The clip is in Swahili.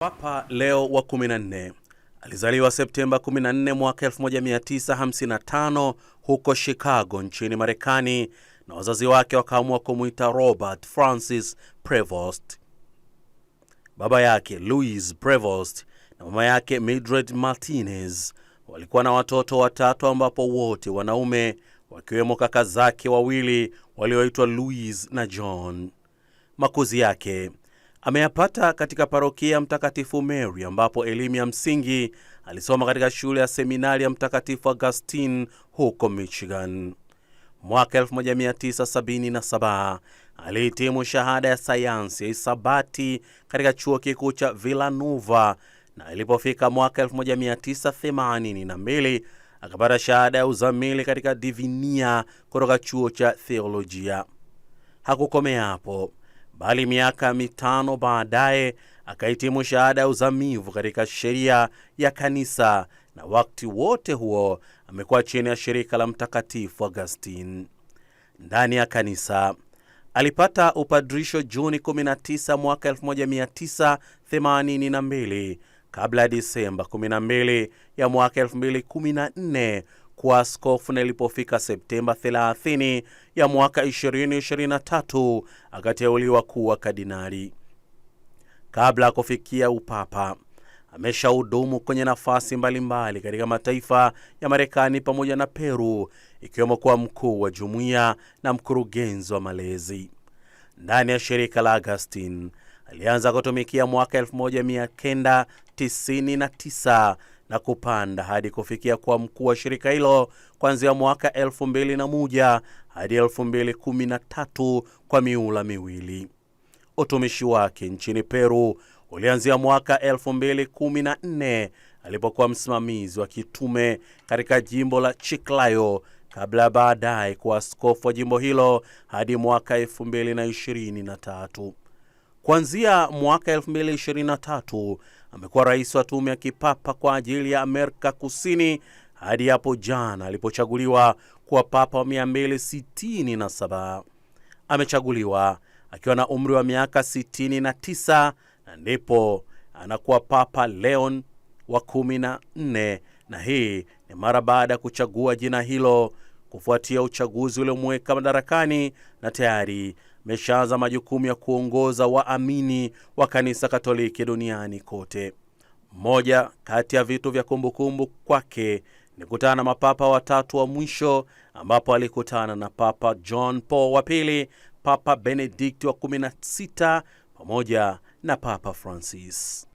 Papa Leo wa 14 alizaliwa Septemba 14 mwaka 1955 huko Chicago nchini Marekani, na wazazi wake wakaamua kumwita Robert Francis Prevost. Baba yake Louis Prevost na mama yake Mildred Martinez walikuwa na watoto watatu, ambapo wote wanaume, wakiwemo kaka zake wawili walioitwa Louis na John. Makuzi yake ameyapata katika parokia Mtakatifu Mary ambapo elimu ya msingi alisoma katika shule ya seminari ya Mtakatifu Augustine huko Michigan. Mwaka 1977 alihitimu shahada ya sayansi ya hisabati katika chuo kikuu cha Villanova na ilipofika mwaka 1982 akapata shahada ya uzamili katika divinia kutoka chuo cha theolojia. Hakukomea hapo bali miaka mitano baadaye akahitimu shahada ya uzamivu katika sheria ya kanisa, na wakti wote huo amekuwa chini ya shirika la Mtakatifu augustin ndani ya kanisa. Alipata upadrisho Juni 19 mwaka 1982 kabla ya Disemba 12 ya mwaka 214 kwa askofu na ilipofika Septemba 30 ya mwaka 2023 akateuliwa kuwa kardinali. Kabla ya kufikia upapa, ameshahudumu kwenye nafasi mbalimbali katika mataifa ya Marekani pamoja na Peru, ikiwemo kuwa mkuu wa jumuiya na mkurugenzi wa malezi ndani ya shirika la Agustin. Alianza kutumikia mwaka 1999 na kupanda hadi kufikia kwa mkuu wa shirika hilo kuanzia mwaka 2001 hadi 2013 kwa miula miwili. Utumishi wake nchini Peru ulianzia mwaka 2014 alipokuwa msimamizi wa kitume katika jimbo la Chiclayo kabla ya baadaye kuwa askofu wa jimbo hilo hadi mwaka 2023. Kuanzia mwaka 2023 amekuwa rais wa tume ya kipapa kwa ajili ya Amerika Kusini hadi hapo jana alipochaguliwa kuwa papa wa 267. Amechaguliwa akiwa na umri wa miaka 69 na ndipo anakuwa Papa Leon wa 14, na hii ni mara baada ya kuchagua jina hilo kufuatia uchaguzi uliomweka madarakani na tayari ameshaanza majukumu ya kuongoza waamini wa kanisa Katoliki duniani kote. Moja kati ya vitu vya kumbukumbu kwake ni kutana na mapapa watatu wa mwisho, ambapo alikutana na Papa John Paul wa pili, Papa benedikt wa 16 pamoja na Papa Francis.